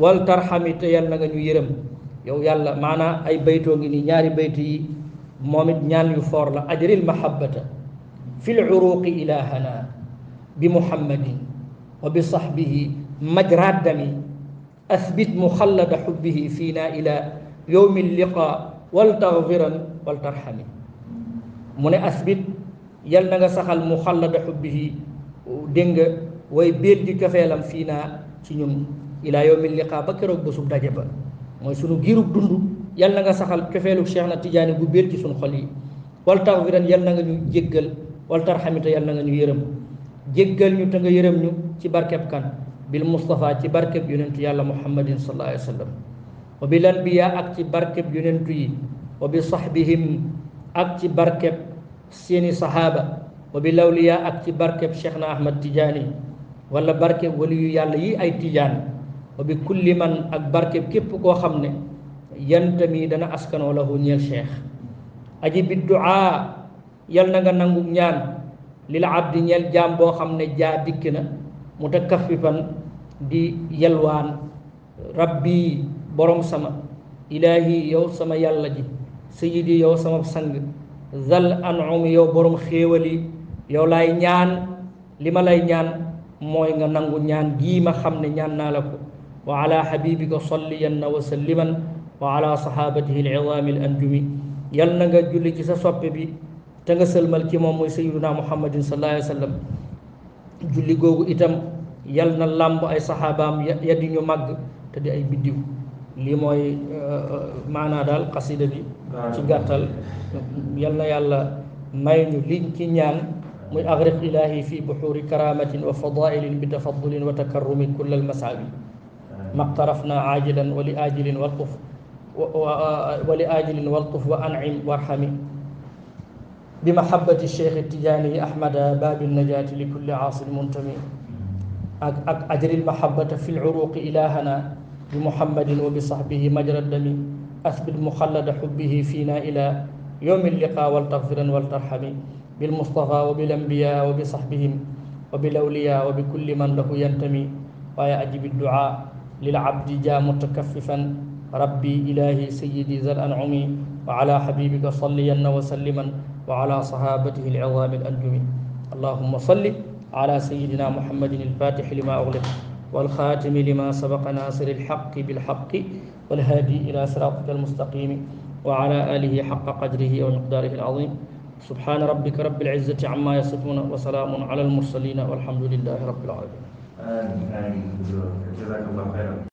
wal tarhami te yalla nga ñu yërëm yow yàlla maanaa ay bayto ngi ni ñaari bayti yi momit ñaan yu for la ajril mahabbata fi luruqi ilahana bi muhammadin wa bi sahbihi majraad dami athbit muxallada xubbihi fiina ila yowmi liqa wal taxfiran wal tarxami mu ne مخلد حبه دنگ وي saxal muxallada xubbihi dégg ci ñun ilaa yawmil liqaa ba keroog bésub daje ba mooy sunu giirub dund yal na nga saxal cofeelu Cheikh na Tijaani gu biir ci sunu xol yi wal taxfiran yal na nga ñu jéggal wal tarxamita yal na nga ñu yërëm jéggal ñu te nga yërëm ñu ci barkeb kan bil Mustafa ci barkeb yonentu yàlla muhammadin sallallahu alayhi wa sallam wa bil anbiya ak ci barkeb yonentu yi wa bi sahbihim ak ci barkeb seeni sahaaba wa bil awliya ak ci barkeb Cheikh na Ahmad Tijaani wala barke wali yu yàlla yi ay tiijaan wa bi kulli man ak barkeb képp koo xam ne yantami dana askanoo lahu ñeel cheikh aji bi duaa yal na nga nangu ñaan lil abdi ñeel jaam boo xam ne jaa dikk na mu takaffifan di yalwaan rabbi borom sama ilaahi yow sama yàlla ji sayidi yow sama sang zal anum yow borom xéewali yow laay ñaan li ma lay ñaan mooy nga nangu ñaan gi ma xamne ñaan na la ko wa ala habibika salliyan wa salliman wa ala sahabatihi alidami alanjumi yal na nga julli ci sa soppe bi te nga sëlmal ci mom moy sayyiduna muhammadin sallallahu alayhi wasallam julli gogu itam yal na làmb ay sahabam ya di ñu mag te di ay biddiw li moy mana dal qasida bi ci gàttal yal yàlla may ñu liñ ci ñaan أغرق إلهي في بحور كرامة وفضائل بتفضل وتكرم كل المسعد ما اقترفنا عاجلا ولآجل والطف ولآجل والطف وأنعم وارحم بمحبة الشيخ التجاني أحمد باب النجاة لكل عاص منتمي أجري المحبة في العروق إلهنا بمحمد وبصحبه مجرى الدم أثبت مخلد حبه فينا إلى يوم اللقاء والتغفر والترحم بالمصطفى وبالأنبياء وبصحبهم وبالأولياء وبكل من له ينتمي ويا أجب الدعاء للعبد جاء متكففا ربي إلهي سيدي ذا الأنعم وعلى حبيبك صليا وسلما وعلى صحابته العظام الأنجم اللهم صل على سيدنا محمد الفاتح لما أغلق والخاتم لما سبق ناصر الحق بالحق والهادي إلى صراطك المستقيم وعلى آله حق قدره ومقداره العظيم سبحان ربك رب العزة عما يصفون وسلام على المرسلين والحمد لله رب العالمين آمين آمين جزاك الله خيرا